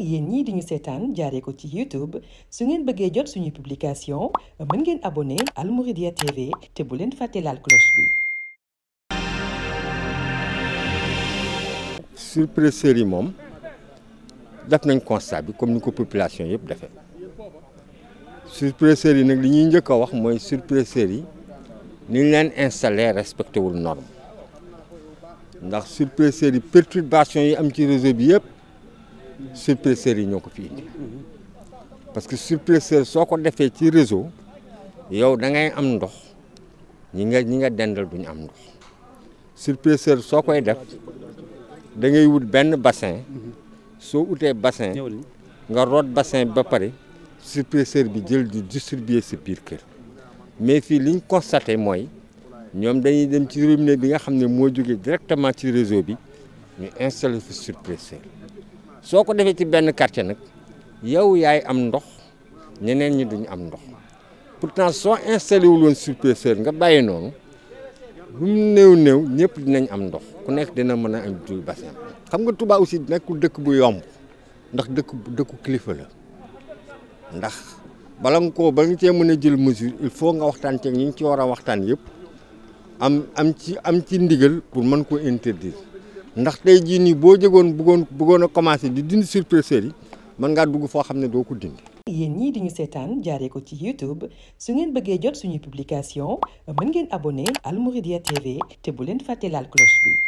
yéen ñii di ñu seetaan jaaree ko ci YouTube su ngeen bëggee jot suñuy publication mën ngeen abonné Al Mouridiyyah TV te bu leen fàtte laal cloche bi. surpresseurs yi moom def nañ constat bi comme ni ko population yëpp defee surpresseurs yi nag li ñuy njëkk a wax mooy surpresseurs yi ni ñu leen installé respecté wul norme ndax surpresseurs yi perturbation yi am ci réseau bi yëpp. surpresseurs yi ñoo ko fi indi parce que surpresseur soo ko defee ci réseau yow da ngay am ndox ñi nga ñi nga dendal duñu am ndox surpresseur soo koy def da ngay wut benn bassin soo utee bassin nga root bassin ba pare surpresseur bi jël di distribuer sa mais fii liñ constaté mooy ñoom dañuy dem ci robinet bi nga xam ne moo jógee directement ci réseau bi ñu installé fa surpresseur soo ko defee ci benn quartier nag yow yaay am ndox ñeneen ñi duñu am ndox pourtant soo installé wul woon surpresseur nga bàyyi noonu lu mu néew néew ñëpp dinañ am ndox ku nekk dina mën a am duy bassin xam nga Touba aussi nekkul dëkk bu yomb ndax dëkk dëkku kilifa la ndax bala nga koo ba nga cee mën a jël mesure il faut nga waxtaan ceeg ñu ñu ci war a waxtaan yëpp am am ci am ci ndigal pour mën ko interdire ndax tey jii nii boo jegoon bëggoon bëggoon a commencé di dindi surpresseurs yi mën ngaa dugg foo xam ne doo ko dindi. yéen ñii di ñu seetaan jaaree ko ci YouTube su ngeen bëggee jot suñuy publication mën ngeen abonné Al Mouridiyyah TV te bu leen fàtte laal cloche bi.